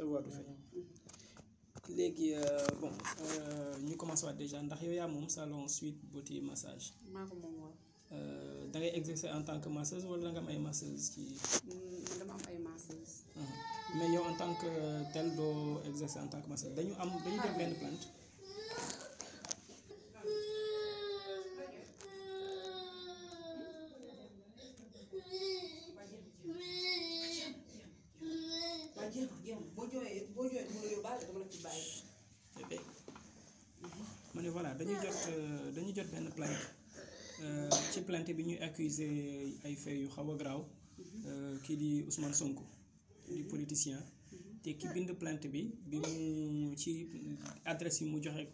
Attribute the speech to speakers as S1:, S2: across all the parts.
S1: sa voix du fay léegi euh, bon euh, ñu commencé waat déjà ndax yow yaa moom salon suite beauté massage maa ko moom euh, da ngay exercer en tant que masseuse wala da nga am ay masseuse ci
S2: mm, dama am ay masseuse
S1: uh-huh. mais yow en tant que tel doo exercer en tant que masseuse dañu am dañu benn plainte man eh ma voilà dañu jot euh, dañu jot benn plainte euh, ci plainte bi ñuy accusé ay fait yu xaw a garaaw euh, kii di Ousmane Sonko di politicien te ki bind plainte bi bi mu ci adresse yi mu joxe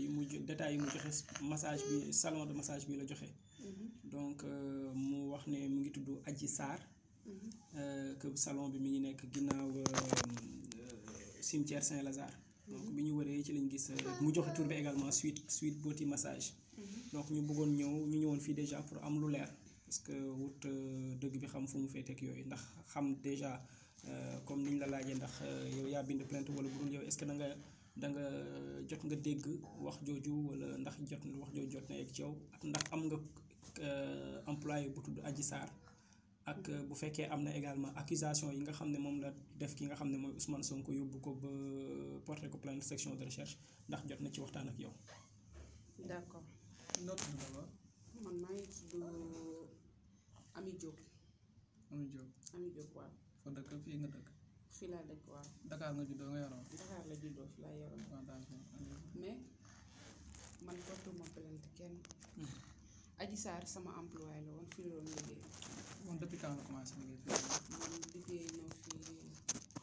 S1: yi mu détails yi mu joxe massage bi salon de massage bi la joxe donc mu wax ne mu ngi tudd Adji Sarr que salon bi mi ngi nekk ginnaaw cimetière Saint-Lazare. Mhm. donc bi ñu waree ci lañ gis euh, ah. mu joxe tur bi également suite suite beauty massage. Mhm. donc ñu bëggoon ñëw ñu ñëwoon fii déjà pour am lu leer parce que wut euh, dëgg bi xam fu mu féeteeg yooyu ndax xam déjà euh, comme niñ la laajee ndax yow yaa bind plainte wala bu dul yow est-ce que da nga jot nga dégg wax jooju wala ndax jot wax jooju jot na yegg ci yow ndax am nga employé bu tudd aji Sarr. ak euh, bu fekkee am na également accusation yi nga xam ne moom la def ki nga xam ne mooy Ousmane Sonko yóbbu ko ba euh, porté ko plainte section de recherche ndax jot na ci waxtaan ak yow.
S2: d'accord. man maa ngi tudd euh, Ami Diop. Ami Diop. Ami Diop waaw.
S1: fa dëkk fii nga dëkk. fii laa dëkk nga juddoo
S2: mais man portuma plainte kenn. Hmm. Adji Sarr sama employé la woon fii la doon liggéey. moom depuis quand la commencé liggéey fii. moom liggéey ñëw fii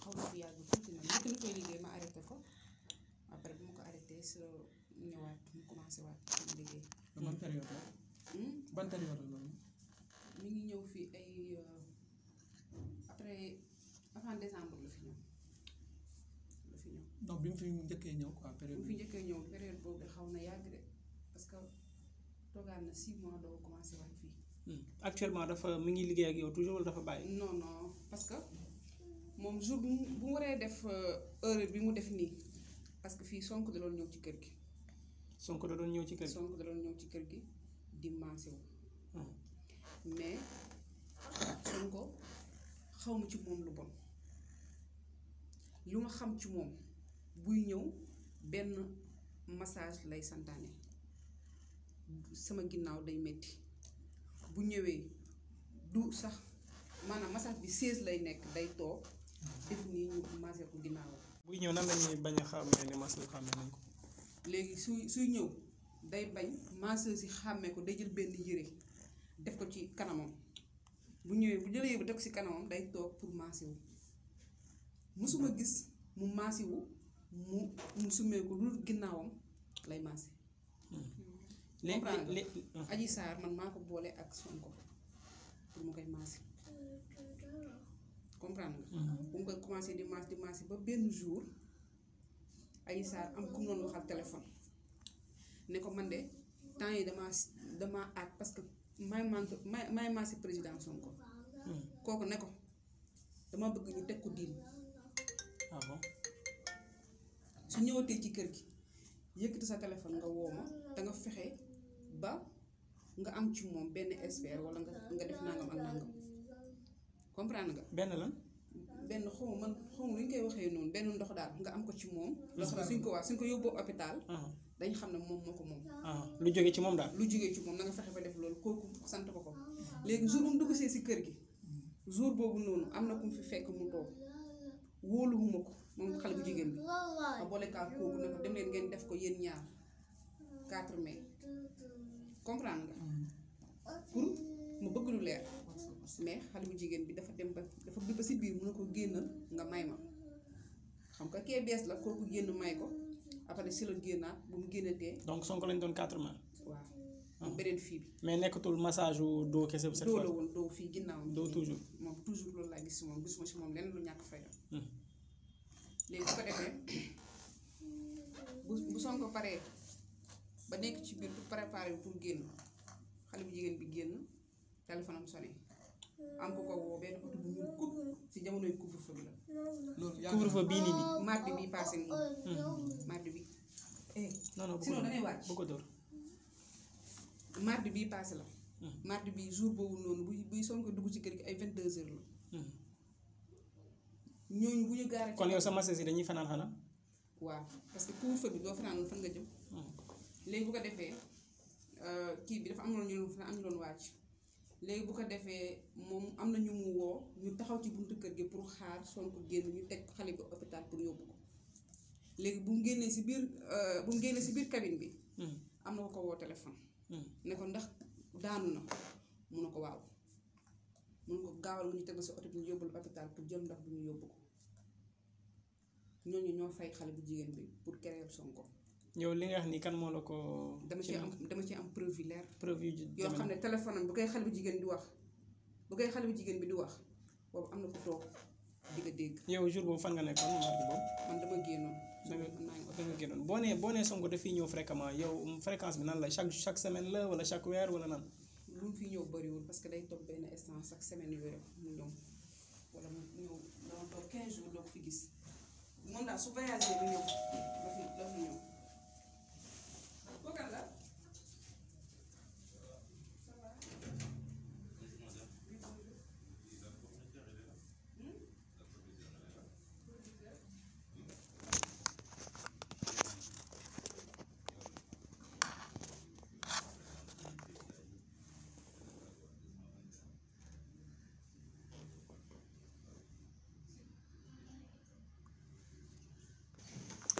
S2: xaw ma fi yàgg tuuti na njëkk na koy liggéey ma arrêté ko après bu ma ko arrêté si la ñëwaat mu commencé waat
S1: sama liggéey. ban période la. Hmm? ban période la loolu.
S2: mi ngi ñëw fii ay euh, après avant décembre la fi ñëw.
S1: la fi ñëw. donc bi mu fi njëkkee ñëw quoi période. bi mu fi njëkkee
S2: ñëw période boobu xaw na yàgg de parce que. toogaan na six mois doo commencé waat fii.
S1: Hmm. actuellement dafa mi ngi liggéey ak yow toujours wala dafa bàyyi.
S2: non non parce que moom jour bu mu waree def euh, heure bi mu def nii parce que fii sonk da doon ñëw ci kër gi. sonk da doon ñëw ci kër gi Sonko da ñëw ci kër gi di maase wu. Hmm. mais Sonko xaw ma ci moom lu bon lu ma xam ci moom buy ñëw benn massage lay santaane. sama ginnaaw day metti bu ñëwee du sax maanaam massage bi seize lay nekk day toog def nii ñu ginnaaw
S1: buy ñëw nan bañ a xàmmee ne masseuse xàmmee nañ ko léegi suy suy ñëw
S2: day bañ masseuse si xàmmee ko day jël benn yére def ko ci kanamam bu ñëwee bu jëlee def ko kanamam day toog pour massé wu mësuma gis mu massé wu mu mu sumee ko lu ginnaawam lay massé
S1: hmm. léegi
S2: Adji uh-huh. Sarr man maa ko boole ak Sonko pour mu koy maasi comprendre nga. bu uh-huh. mu koy commencé di maas di maas ba benn jour Adji Sarr am ku mu doon waxal téléphone ne ko man de temps yi damaa damaa aat parce que may man président Sonko. Hmm. kooku ne ko dama bëgg ñu teg ko diin. ah su ñëwatee ci kër gi yëkkati sa téléphone nga woo ma fexe. ba nga am ci moom benn expert wala nga nga def nangam ak nangam comprendre nga. benn lan. benn xaw ma man xaw ma lu ñu koy waxee noonu benn ndox daal nga am ko ci moom. ndox daal suñ ko waa suñ ko yóbboo hôpital. Ah. dañ xam ne moo
S1: ko moom. Ah. lu jógee ci moom daal. lu
S2: jógee ci moom na nga fexe ba def loolu kooku sant ko ko ah. léegi jour bu mu see si kër gi jour boobu noonu am na ku mu fi fekk mu toog wóoluwuma ko moom xale bu jigéen bi ma boole kaa kooku ne dem leen ngeen def ko yéen ñaar 4 mai. comprendre nga mm. pour mu bëgg lu leer mais xale bu jigéen bi dafa dem ba dafa bi ba si biir mun na ko génnal nga may ma xam nga kee bees la kooku génn may ko après si la génnaat bu mu génnatee.
S1: donc Sonko lañ doon quatre mois.
S2: waaw ah. beneen fii bi.
S1: mais nekkatul massage wu doo kese. cette fois doo la woon
S2: doo fii ginnaaw. doo toujours moom toujours loolu laa gis si moom gisuma moom lenn lu ñàkk fay def. Hmm. léegi bu ko defee ba nekk ci biir pour préparer wu pour génn xale bu jigéen bi génn téléphone am sonné am ko ko woo benn oto bu ñuul kub si jamonoy couvre-feu la. loolu yaa bii nii bi. Hmm. Eh, non non sinon ko dóor bii passé la. Hmm. mardi bii jour boobu noonu buy buy Sonko dugg ci kër gi ay 22 heures la. Hmm. ñooñu bu ñu gaaree. kon yow sama
S1: saisie dañuy fanaan xanaa.
S2: waa parce que bi doo fanaan fan nga jëm. léegi bu ko defee euh, kii bi dafa am na ñu doon am ñu léegi bu ko defee moom am na mu woo ñu taxaw ci buntu kër gi pour xaar Sonko génn ñu teg xale bi hôpital pour yóbbu ko léegi bu mu génnee si biir euh, bu mu génnee si biir cabine bi. Hmm. am na ko ko woo téléphone. Hmm. ne ko ndax daanu na mun na ko waaw mun ko gaawal mu ñu teg si oto bi ñu yóbbul hôpital pour jël ndox bu ñu yóbbu ko ñooñu ñoo fay xale bu jigéen bi pour kereel Sonko.
S1: yow li nga wax ni kan moo la ko. dama ci am dama ci am
S2: preuve yu leer. preuve yu xam ne téléphone am bu koy xale bu jigéen di wax bu koy xale bu jigéen bi di wax boobu am na ku toog
S1: di nga dégg. yow jour boobu fan nga nekkoon man dama génnoon. da nga da boo nee boo nee Sonko dafiy ñëw fréquemment yow fréquence bi nan la chaque chaque semaine la wala chaque weer wala nan.
S2: lu fi ñëw bëriwul parce que day toog benn instant chaque semaine yooyu mu ñëw wala mu dama toog 15 jours doo ko fi gis moom daal su kan la.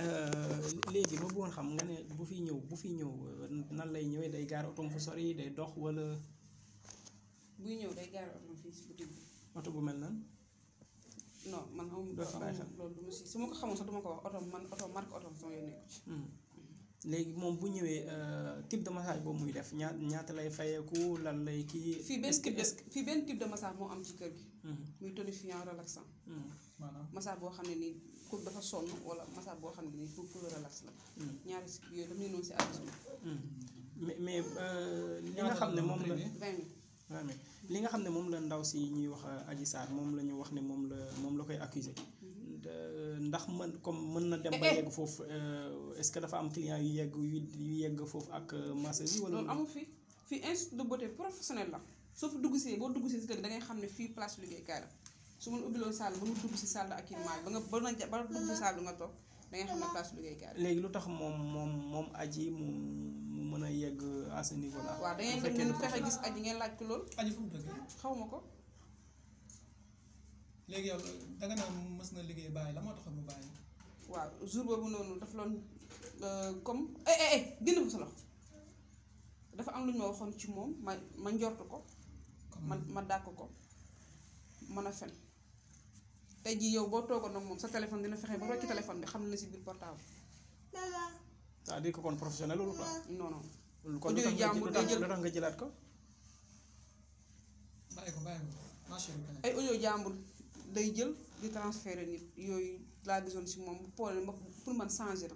S1: Euh, léegi ma bëggoon xam nga ne bu fi ñëw bu fi ñëw euh, nan lay ñëwee day gaar otoom fu sori day dox wala.
S2: buy ñëw day gaar otoom fii si boutique bi. oto bu mel nan. non man xaw ma loolu du ma si su ma ko xamul sax duma ko wax otoom man otoom marque otoom sama yoon nekku ci.
S1: Hmm. léegi moom bu ñëwee euh, type de massage boobu muy def ñaata ñaata lay fayeeku lan lay kii. fii benn type de fii
S2: benn type de massage moo am ci kër gi. Hmm. muy tonifiant relaxant.
S1: Hmm. maanaam
S2: massage boo xam ne nii ku dafa sonn wala massage boo xam ne nii pour pour relax la. Hmm. ñaari yooyu daf ñu si àdduna.
S1: Hmm. mais mais euh, li nga xam ne moom la li nga xam ne moom la ndaw si ñuy wax euh, Adji Sarr moom la ñu wax ne moom la moom la koy accusé. Hmm. ndax mën comme mën na dem ba yegg foofu euh, est-ce que dafa am client yu yegg yu yegg foofu ak masseuse si wala. loolu amul
S2: fii fii institut de beauté professionnel la soo fi dugg si boo dugg si si dëgg da ngay xam ne fii place liggéeykaay la. su ma ubbiloon saal ba nga dugg si sàll ak climat ba nga ba nga ba dugg si saal bi nga toog da nga xam ne place liggéeykaay
S1: léegi lu tax moom moom moom aji mu mu mën a yegg à ce niveau là. da gis
S2: aji ngeen laaj ko lool. aji xaw ma ko. léegi yow danga naan mës na liggéey bàyyi la moo taxoon mu bàyyi. waaw jour boobu noonu daf loon euh, comme eh eh eh am lu waxoon ci moom ma ma njort ko. ma ma dàkk ko. mën fen tey jii yow boo toogoon ak moom sa téléphone dina fexe ba rocci téléphone bi xam na si biir portable.
S1: c'est-à-dire que kon professionnel loolu quoi.
S2: non non
S1: ko jël jàmbur day jël nga jëlaat ko. bàyyi ko bàyyi ko ay audio
S2: jàmbur day jël di transférer nit yooyu laa gisoon si moom bu ma pour man changer na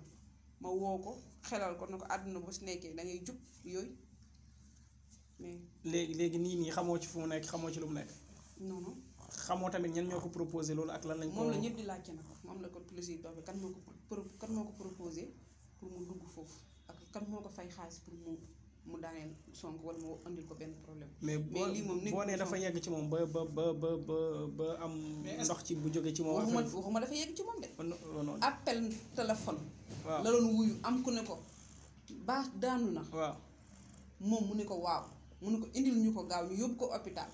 S2: ma woo ko xelal ko na ko àdduna boo si nekkee dangay ngay jub yooyu
S1: mais. léegi léegi nii nii xamoo ci fu nekk xamoo ci lu mu nekk. non xamoo tamit ñan ñoo ko proposé loolu ak lan lañ ko moom la ñëpp di
S2: laajte nag moom la ko plaisir dox bi kan moo ko kan moo ko proposé pour mu dugg foofu ak kan moo ko fay xaalis pour mu mu daaneel sonk wala mu andil ko benn problème.
S1: mais lii moom nit boo nee dafa yegg ci moom ba ba ba ba ba am. ndox ci bu jóge ci moom. waxuma
S2: waxuma dafa yegg ci moom de. Oh oh appel téléphone. waaw la doon wuyu am ku ne ko baax daanu na. waaw moom mu ne ko waaw mu ne ko indil ñu ko gaaw ñu yóbbu ko hôpital.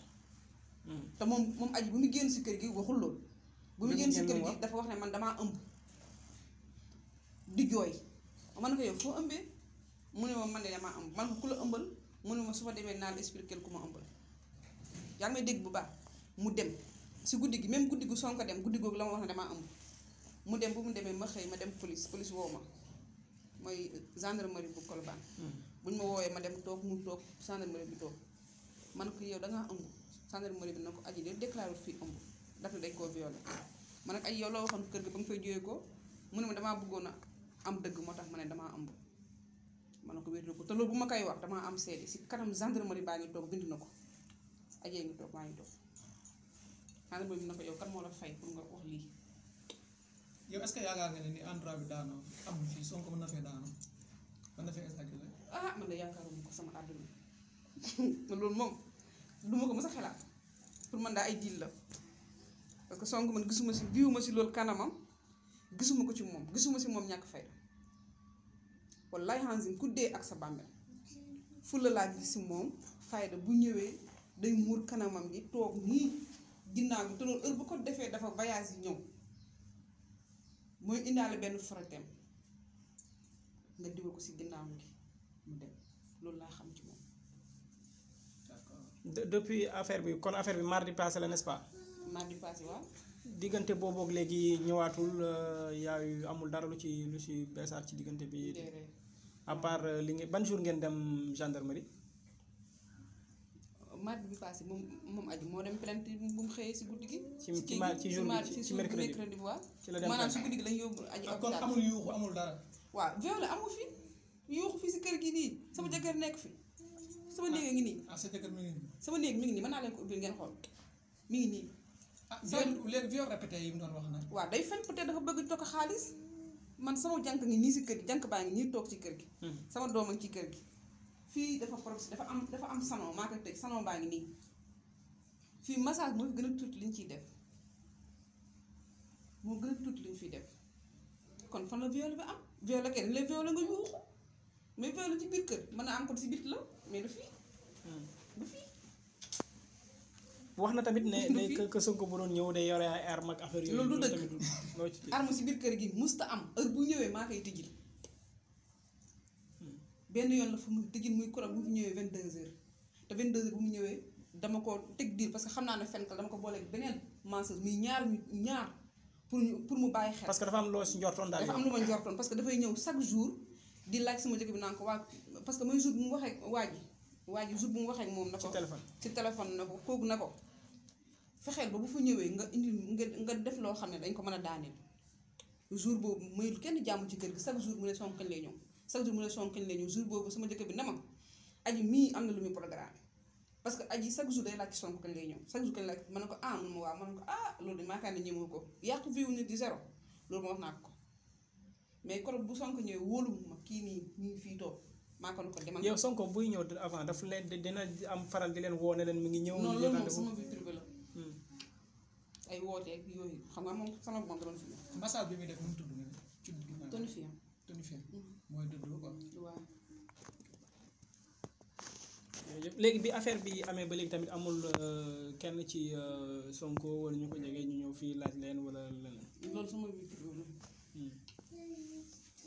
S2: te moom moom aji bu mu génn si kër gi waxul loolu bu mu génn si kër gi dafa wax ne man damaa ëmb di jooy man ne ko yow foo ëmbee mu ne ma man de damaa ëmb man ko ëmbal mu ne ma su ma demee naa la expliquer ku ma ëmbal yaa ngi bu baax mu dem si guddi gi même guddi gu Sonko dem guddi googu la wax ne damaa ëmb mu dem bu mu demee ma xëy ma dem police police woo ma mooy gendarmerie bu Colobane hmm. buñ ma woowee ma dem toog mu toog gendarmerie bi toog man ko yow da ëmb gendarmerie bi na ko aji de déclaré fii ëmb ndaxte dañ koo violé ma nag ay yow loo waxoon kër gi ba nga fay jógee ko mu ne ma damaa bëggoon a am dëgg moo tax ma ne damaa ëmb ma ne ko wér ko te bu ma wax damaa am seede si kanam gendarmerie baa ngi toog bind ko ajee ngi toog maa ngi bi na ko yow kan moo la fay pour nga wax lii.
S1: yow est-ce que yaakaar nga ne ni endroit bi daanoo am fii Sonko mën na fee daanoo mën na fee
S2: ah man de yaakaaruma ko sama àdduna
S1: loolu moom. lu
S2: ma ko mës a xelaat pour man daa ay diil la parce que Sonko man gisuma si viwuma si loolu kanamam gisuma ko ci moom gisuma si moom ñàkk fayda wallaay hansin ku dee ak sa bàmmeel fulla laa gis si moom fayda bu ñëwee day muur kanamam gi toog nii ginnaaw bi te loolu heure bu ko defee dafa voyage yi ñëw mooy indaale benn fratem nga diwal ko si ginnaaw gi loolu laa xam ci
S1: depuis affaire bi kon affaire bi mardi passé la n'est-ce pas.
S2: mardi waaw.
S1: diggante boobu léegi ñëwaatul euh, yaayu amul dara lu ci lu ci beesaat ci diggante bi. à euh, li ngeen ban jour ngeen dem gendarmerie.
S2: mardi bi passé moom moom aju moo dem plainte bu mu xëyee si guddi gi. ci ci ci jour bi ci la dem maanaam si guddi gi lañ yóbbu aju. Ah, amul yuuxu amul dara. waaw viol amul fi yuuxu fi si kër gi nii sama hmm. jëkkër nekk fi. sama néeg ngi nii.
S1: ah sa jëkkër mi ngi nii.
S2: sama néeg mi ngi nii mën naa leen ko ubbil ngeen xool mi ngi nii. ah léegi viol répété yi mu doon wax nag. waaw day fen peut dafa bëgg toog xaalis man sama jànk ngi nii si kër gi jànk baa ngi nii toog ci kër gi. Hmm. sama doom a ci kër gi. fii dafa prof dafa am dafa am salon maa koy tëj salon baa ngi nii fii massage moo fi gën a tuuti liñ ciy def moo gën a tuuti liñ fiy def kon fan la viol bi am viol la kenn la viol nga yuuxu mais viol ci biir kër mën na am ko ci bit la mais du fii hmm. du fii
S1: wax na tamit ne ne que Sonko bu doon ñëw day yore ay arme ak affaire yooyu loolu du dëgg arme ci
S2: biir kër gi musta am heure bu ñëwee maa koy tëjil hmm. benn yoon la fa mu tëjil muy kuram bu mu ñëwee vingt deux heures te vingt deux heures bu mu ñëwee dama ko teg diir parce que xam naa ne fenkal dama ko booleeg beneen mensonge muy ñaar ñaar pour ñu pour mu bàyyi xel parce que
S1: dafa am loo si njortoon daal dafa
S2: parce que dafay ñëw chaque jour di laaj sama jëkk bi naan ko waa parce que mooy jour bu mu waxee waa ji waa ji jour bu mu waxee moom na ko ci téléphone na ko kooku na ko fexeel ba bu fa ñëwee nga indi nga def loo xam ne dañ ko mën a daaneel jour boobu mayul kenn jàmm ci kër gi chaque jour mu ne sonk kañ lay ñëw chaque jour mu ne sonk kañ lay boobu sama jëkk bi na ma aji mii am na lu muy programme parce que aji chaque jour day laaj ci sonk kañ lay ñëw chaque jour kañ laaj mën na ko ah mun ma waaw na ko ah loolu de maakaar ne ñëmoo ko yàqu viwu nit di zéro loolu ma wax naa ko mais koro bu Sonko ñëwee wóoluwuma kii nii ñu ngi fii toog maa ko ko demal. yow
S1: Sonko buy ñëw avant daf leen dina am faral di leen woone leen mu ngi ñëw. non loolu moom sama vie privée la. Hmm.
S2: ay wooteeg yooyu xam nga moom sama moom
S1: bi muy def nu mu tudd nii. ci tonifiant tonifiant. Hmm. mooy dëdd quoi. léegi bi affaire bi amee ba léegi tamit amul euh, kenn ci euh, Sonko wala ñu ko ñu ñëw fii laaj leen wala leneen.